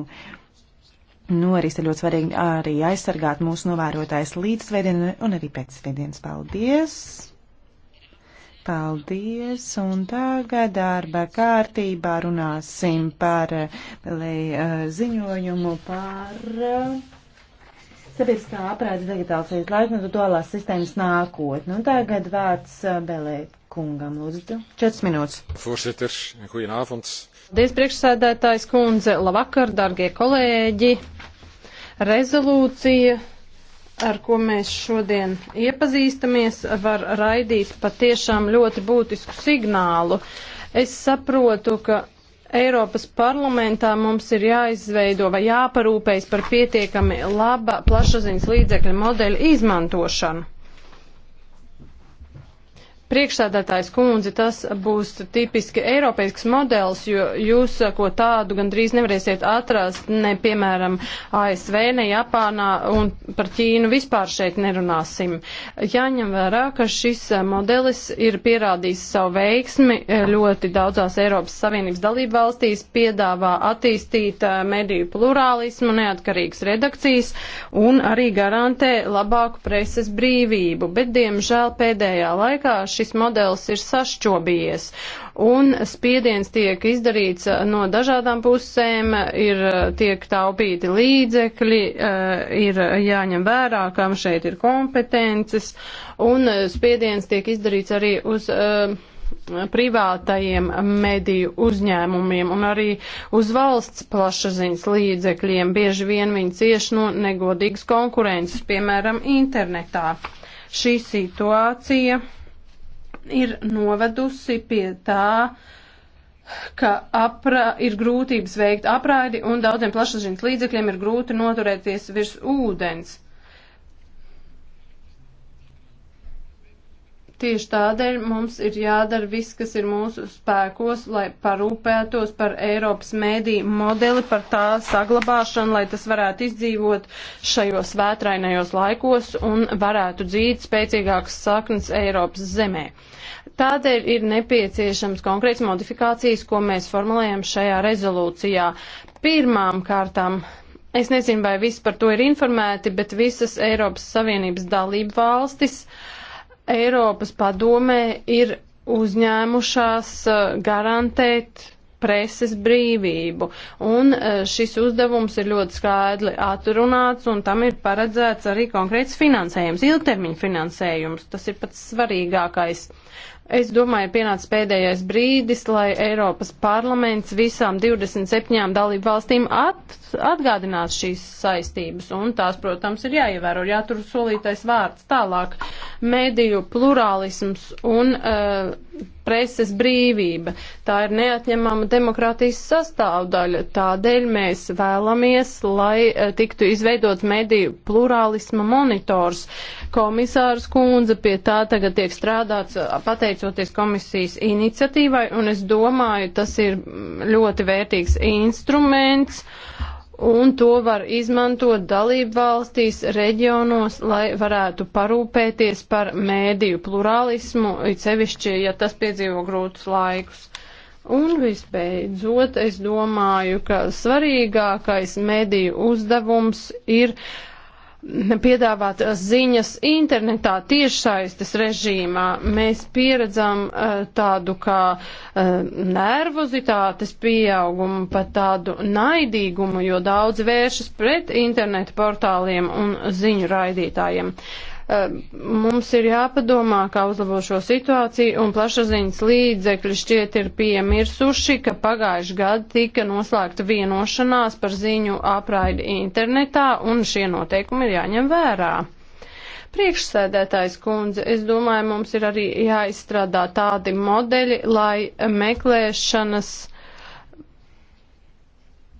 sarunu. Noris ir ļoti svarīgi arī aizsargāt mūsu novērotājs līdz svētdienai un arī pēc svētdienas. Paldies! Paldies! Un tagad darba kārtībā runāsim par eh, lai, eh, ziņojumu par eh, sabiedriskā aprādes digitalizācijas laikmetu dualās sistēmas nākotni. Un tagad vārds Belēt kungam, lūdzu, 4 minūtes. Voorzitter, goedenavond. Paldies, priekšsēdētājs kundze, labvakar, dargie kolēģi. Rezolūcija, ar ko mēs šodien iepazīstamies, var raidīt patiešām ļoti būtisku signālu. Es saprotu, ka Eiropas parlamentā mums ir jāizveido vai jāparūpējas par pietiekami laba plašsaziņas līdzekļa modeļa izmantošanu. Priekšsēdētājs kundze, tas būs tipiski eiropeisks modelis, jo jūs ko tādu gandrīz nevarēsiet atrast ne, piemēram, ASV, ne Japānā un par Ķīnu vispār šeit nerunāsim. Jāņem vērā, ka šis modelis ir pierādījis savu veiksmi ļoti daudzās Eiropas Savienības dalību valstīs, piedāvā attīstīt eh, mediju plurālismu, neatkarīgas redakcijas un arī garantē labāku preses brīvību. Bet, diemžēl, pēdējā laikā šis modelis ir sašķobījies. Un spiediens tiek izdarīts eh, no dažādām pusēm, ir eh, tiek taupīti līdzekļi, eh, ir jāņem vērā, kam šeit ir kompetences, un spiediens tiek izdarīts arī uz privātajiem mediju uzņēmumiem un arī uz valsts plašsaziņas līdzekļiem. Bieži vien viņi cieš no negodīgas konkurences, piemēram, internetā. Šī situācija ir novedusi pie tā, ka apra, ir grūtības veikt apraidi un daudziem plašsaziņas līdzekļiem ir grūti noturēties virs ūdens. Tieši tādēļ mums ir jādara viss, kas ir mūsu spēkos, lai parūpētos par Eiropas mēdīju modeli, par tā saglabāšanu, lai tas varētu izdzīvot šajos vētrainajos laikos un varētu dzīt spēcīgākas saknes Eiropas zemē. Tādēļ ir nepieciešams konkrēts modifikācijas, ko mēs formulējam šajā rezolūcijā. Pirmām kārtām Es nezinu, vai visi par to ir informēti, bet visas Eiropas Savienības dalību valstis uh, Eiropas padomē ir uzņēmušās uh, garantēt preses brīvību. Un uh, šis uzdevums ir ļoti skaidri atrunāts, un tam ir paredzēts arī konkrēts finansējums, ilgtermiņa finansējums. Tas ir pats svarīgākais. Es domāju, pienācis pēdējais brīdis, lai Eiropas parlaments visām 27 dalību valstīm at, atgādinās šīs saistības, un tās, protams, ir jāievēro, jātur solītais vārds tālāk. Mediju plurālisms un uh, preses brīvība. Tā ir neatņemama demokrātijas sastāvdaļa. Tādēļ mēs vēlamies, lai uh, tiktu izveidot mediju plurālisma monitors. Komisārs Kunze pie tā tagad tiek strādāts eh, pateic pateicoties komisijas iniciatīvai, un es domāju, tas ir ļoti vērtīgs instruments, un to var izmantot dalību valstīs, reģionos, lai varētu parūpēties par mēdīju plurālismu, it sevišķi, ja tas piedzīvo grūtus laikus. Un visbeidzot, es domāju, ka svarīgākais mediju uzdevums ir uh, piedāvāt uh, ziņas internetā tiešsaistes režīmā. Mēs pieredzam uh, tādu kā uh, nervozitātes pieaugumu, pat tādu naidīgumu, jo daudz vēršas pret internetu portāliem un ziņu raidītājiem. Uh, Ehm, mums ir jāpadomā, kā uzlabo šo situāciju, un plašsaziņas līdzekļi šķiet ir piemirsuši, ka pagājuši gadu tika noslēgta vienošanās par ziņu apraidi internetā, un šie noteikumi ir jāņem vērā priekšsēdētājs kundze, es domāju, mums ir arī jāizstrādā tādi modeļi, lai meklēšanas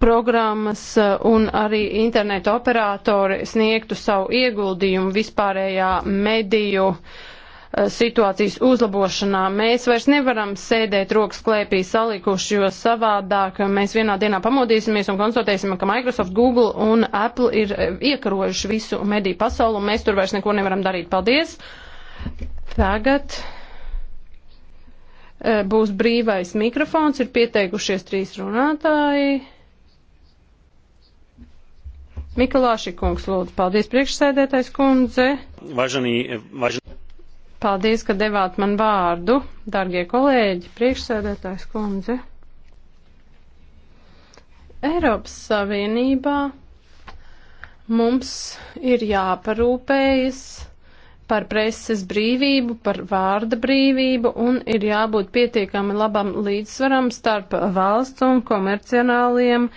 programmas e, un arī internetu operatori sniegtu savu ieguldījumu vispārējā mediju uh, situācijas uzlabošanā. Mēs vairs nevaram sēdēt rokas klēpī salikuši, jo savādāk mēs vienā dienā pamodīsimies un konstatēsim, ka Microsoft, Google un Apple ir e, iekarojuši visu mediju pasauli un mēs tur vairs neko nevaram darīt. Paldies! Tagad būs brīvais mikrofons, ir pieteikušies trīs runātāji. Mikulāši kungs, lūdzu, paldies priekšsēdētais kundze. Važanī, važanī. Paldies, ka devāt man vārdu, dargie kolēģi, priekšsēdētājs kundze. Eiropas Savienībā mums ir jāparūpējas par preses brīvību, par vārda brīvību un ir jābūt pietiekami labam līdzsvaram starp valsts un komercionāliem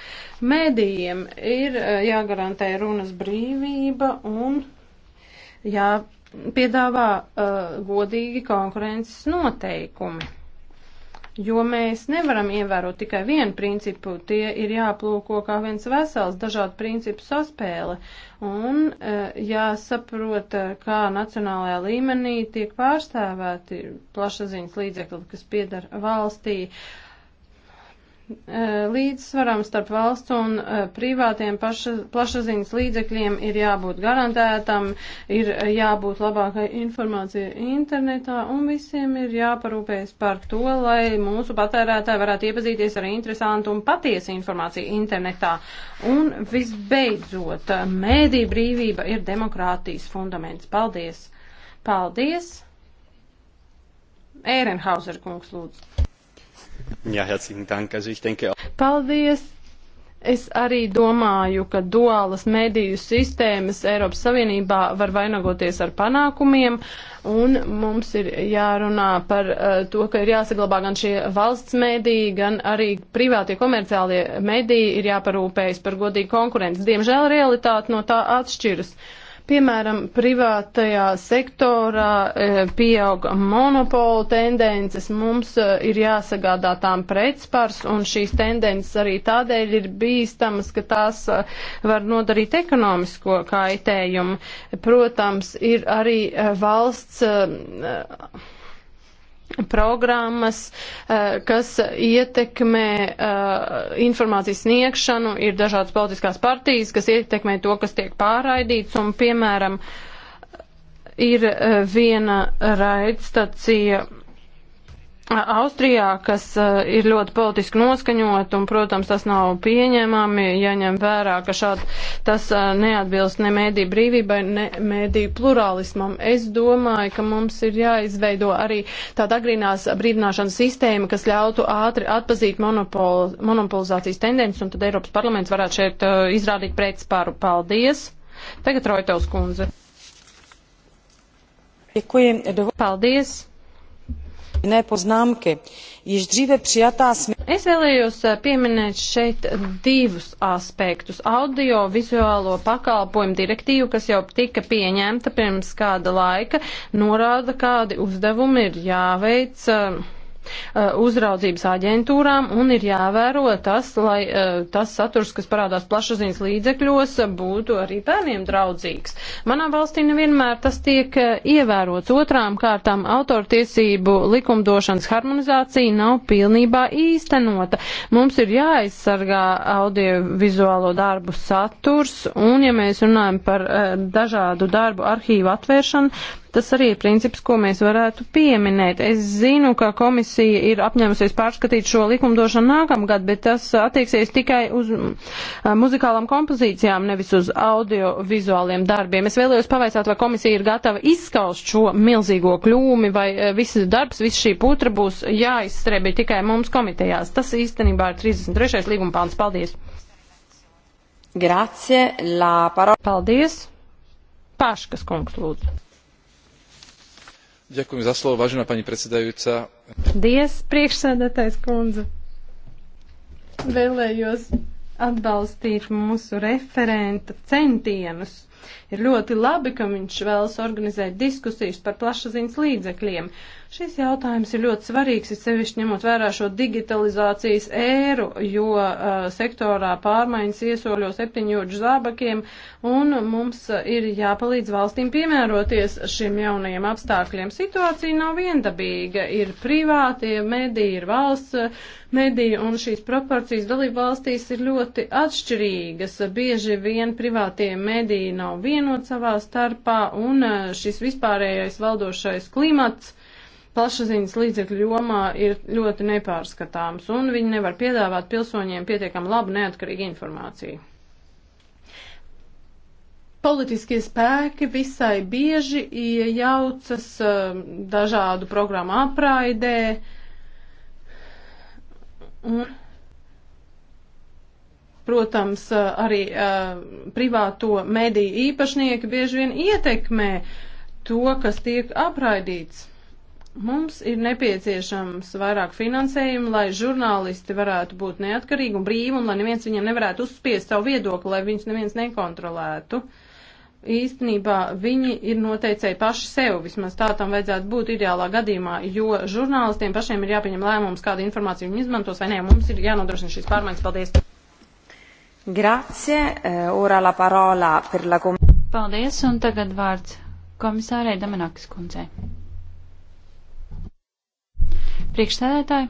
medijiem. Ir eh, jāgarantē runas brīvība un jāpiedāvā uh, godīgi konkurences noteikumi jo mēs nevaram ievērot tikai vienu principu, tie ir jāplūko kā viens vesels, dažādu principu saspēle, un eh, jāsaprot, eh, kā nacionālajā līmenī tiek pārstāvēti plašsaziņas līdzekļi, kas piedara valstī. Uh, Eh, līdzsvaram starp valsts un eh, privātiem paša, plašaziņas līdzekļiem ir jābūt garantētam, ir jābūt labākai informācijai internetā un visiem ir jāparūpējas par to, lai mūsu patērētāji varētu iepazīties ar interesantu un patiesu informāciju internetā. Un visbeidzot, eh, mēdī brīvība ir demokrātijas fundaments. Paldies! Paldies! Ērenhauser kungs lūdzu. Jā, herzīgi dank. Also, ich denke... Paldies! Es arī domāju, ka duālas mediju sistēmas Eiropas Savienībā var vainagoties ar panākumiem, un mums ir jārunā par uh, to, ka ir jāsaglabā gan šie valsts mediji, gan arī privātie komerciālie mediji ir jāparūpējas par godīgu konkurenci. Diemžēl realitāte no tā atšķiras. Uh, Piemēram, privātajā sektorā e, pieaug monopolu tendences, mums e, ir jāsagādā tām pretspars, un šīs tendences arī tādēļ ir bīstamas, ka tās e, var nodarīt ekonomisko kaitējumu. Protams, ir arī valsts programmas, eh, kas ietekmē eh, informācijas sniegšanu, ir dažādas politiskās partijas, kas ietekmē to, kas tiek pārraidīts, un, piemēram, ir eh, viena raidstacija Austrijā, kas eh, ir ļoti politiski noskaņot, un, protams, tas nav pieņemami, jaņem vērā, ka šād tas eh, neatbilst ne mēdī brīvībai, ne mēdī plurālismam. Es domāju, ka mums ir jāizveido arī tāda agrīnās brīdināšanas sistēma, kas ļautu ātri atpazīt monopol, monopolizācijas tendences, un tad Eiropas parlaments varētu šeit uh, izrādīt pretspāru. Paldies! Tagad Roitovs kundze. Paldies! jiné poznámky. Již dříve přijatá Es vēlējos eh, pieminēt šeit divus aspektus. Audio vizuālo pakalpojumu direktīvu, kas jau tika pieņemta pirms kāda laika, norāda, kādi uzdevumi ir jāveic. Uh, Eh, uzraudzības aģentūrām un ir jāvēro tas, lai eh, tas saturs, kas parādās plašsaziņas līdzekļos, būtu arī bērniem draudzīgs. Manā valstī nevienmēr tas tiek eh, ievērots. Otrām kārtām autortiesību likumdošanas harmonizācija nav pilnībā īstenota. Mums ir jāaizsargā audiovizuālo darbu saturs un, ja mēs runājam par dažādu darbu arhīvu atvēršanu, Tas arī ir princips, ko mēs varētu pieminēt. Es zinu, ka komisija ir apņēmusies pārskatīt šo likumdošanu nākamgad, bet tas attieksies tikai uz muzikālām kompozīcijām, nevis uz audiovizuāliem darbiem. Es vēlējos pavaicāt, vai komisija ir gatava izskaust šo milzīgo kļūmi, vai e, viss darbs, viss šī putra būs jāizstrebi tikai mums komitejās. Tas īstenībā ir 33. līguma pāns. Paldies! Grazie, la parola. Paldies! Paškas kungs lūdzu. Ďakujem za slovo, vážená pani predsedajúca. Dies, priekšsēdētājs kundze. Vēlējos atbalstīt mūsu referenta centienus Ir ļoti labi, ka viņš vēlas organizēt diskusijas par plašsaziņas līdzekļiem. Šis jautājums ir ļoti svarīgs, ir sevišķi ņemot vērā šo digitalizācijas ēru, jo uh, sektorā pārmaiņas iesoļo septiņoģu zābakiem, un mums ir jāpalīdz valstīm piemēroties šiem jaunajiem apstākļiem. Situācija nav viendabīga, ir privātie mediji, ir valsts mediji, un šīs proporcijas dalību valstīs ir ļoti atšķirīgas. Bieži vien privātie mediji nav nav vienot savā starpā, un e, šis vispārējais valdošais klimats plašsaziņas līdzekļu jomā ir ļoti nepārskatāms, un viņi nevar piedāvāt pilsoņiem pietiekam labu neatkarīgu informāciju. Politiskie spēki visai bieži iejaucas e, dažādu programmu apraidē, un Protams, eh, arī eh, privāto mediju īpašnieki bieži vien ietekmē to, kas tiek apraidīts. Mums ir nepieciešams vairāk finansējumu, lai žurnālisti varētu būt neatkarīgi un brīvi, un lai neviens viņiem nevarētu uzspiest savu viedokli, lai viņus neviens nekontrolētu. Īstenībā viņi ir noteicēji paši sev, vismaz tā tam vajadzētu būt ideālā gadījumā, jo žurnālistiem pašiem ir jāpieņem lēmums, kādu informāciju viņi izmantos vai nē. Mums ir jānodrošina šīs pārmaiņas. Paldies! Grazie. Eh, ora la parola per la komisija. Paldies, un tagad vārds komisārei Damanakis kundzei. Priekšsēdētāji,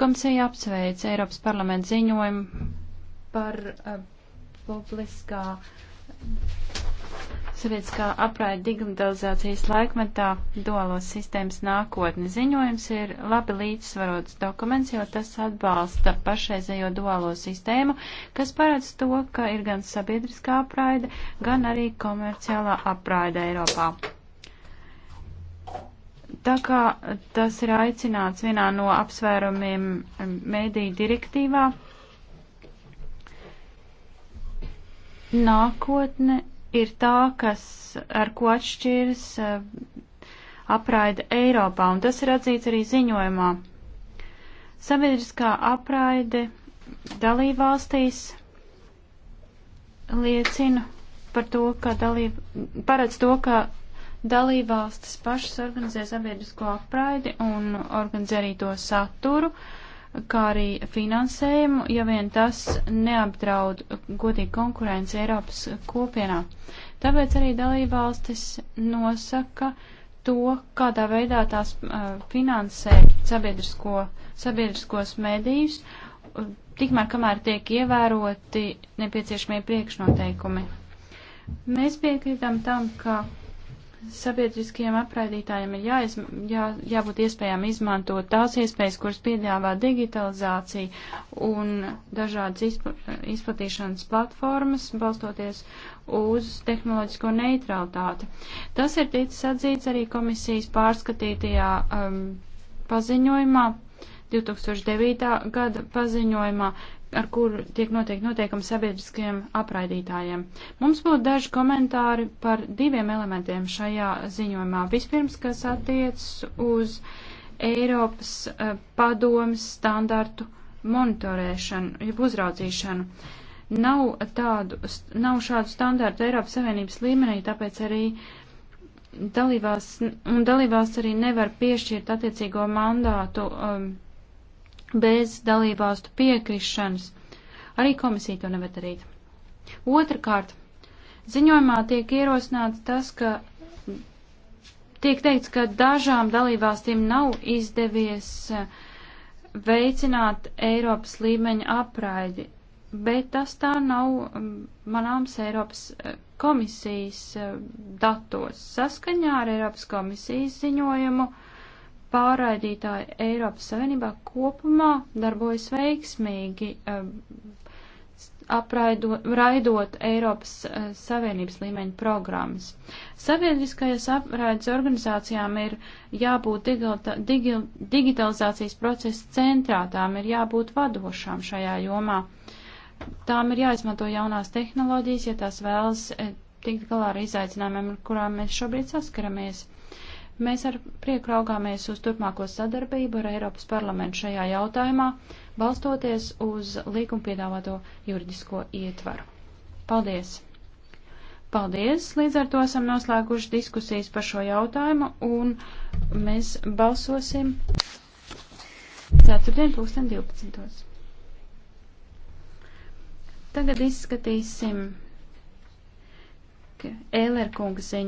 komisija apsveic Eiropas parlamenta ziņojumu par uh, publiskā Sabiedriskā apraida digitalizācijas laikmetā duālos sistēmas nākotne ziņojums ir labi līdzsvarots dokuments, jo tas atbalsta pašreizējo duālo sistēmu, kas paredz to, ka ir gan sabiedriskā apraida, gan arī komerciālā apraida Eiropā. Tā kā tas ir aicināts vienā no apsvērumiem mēdī direktīvā, nākotne ir tā, kas ar ko atšķiras eh, apraida Eiropā, un tas ir atzīts arī ziņojumā. Sabiedriskā apraide dalībvalstīs liecina par to, ka dalība, paredz to, ka dalībvalstis pašas organizē sabiedrisko apraidi un organizē arī to saturu. Uh, kā arī finansējumu, ja vien tas neapdraud godīgi konkurenci Eiropas kopienā. Tāpēc arī dalībvalstis nosaka to, kādā veidā tās uh, finansē sabiedrisko, sabiedriskos medijus, uh, tikmēr kamēr tiek ievēroti nepieciešamie priekšnoteikumi. Mēs piekrītam tam, ka sabiedriskajiem apraidītājiem ir jāiz, jā, jābūt iespējām izmantot tās iespējas, kuras piedāvā digitalizācija un dažādas izpl izplatīšanas platformas, balstoties uz tehnoloģisko neutralitāti. Tas ir ticis atzīts arī komisijas pārskatītajā um, paziņojumā, 2009. gada paziņojumā, ar kuru tiek noteikti noteikumi sabiedriskiem apraidītājiem. Mums būtu daži komentāri par diviem elementiem šajā ziņojumā. Vispirms, kas attiecas uz Eiropas uh, eh, padomas standartu monitorēšanu, jeb uzraudzīšanu. Nav, tādu, nav šādu standartu Eiropas Savienības līmenī, tāpēc arī dalībās, un dalībās arī nevar piešķirt attiecīgo mandātu um, bez dalībvalstu piekrišanas. Arī komisija to nevar darīt. Otrakārt, ziņojumā tiek ierosināts tas, ka tiek teikts, ka dažām dalībvalstīm nav izdevies eh, veicināt Eiropas līmeņa apraidi, bet tas tā nav mm, manāms Eiropas eh, komisijas eh, datos. Saskaņā ar Eiropas komisijas ziņojumu pārraidītāji Eiropas Savienībā kopumā darbojas veiksmīgi, eh, apraidot, raidot Eiropas eh, Savienības līmeņa programmas. Sabiedriskajās apraides organizācijām ir jābūt digilta, digil, digitalizācijas procesa centrā, tām ir jābūt vadošām šajā jomā. Tām ir jāizmanto jaunās tehnoloģijas, ja tās vēlas eh, tikt galā ar izaicinājumiem, ar kurām mēs šobrīd saskaramies. Mēs ar prieku raugāmies uz turpmāko sadarbību ar Eiropas parlamentu šajā jautājumā, balstoties uz līguma piedāvāto juridisko ietvaru. Paldies! Paldies! Līdz ar to esam noslēguši diskusijas par šo jautājumu un mēs balsosim 4.12. Tagad izskatīsim Ēlerkunga ziņu.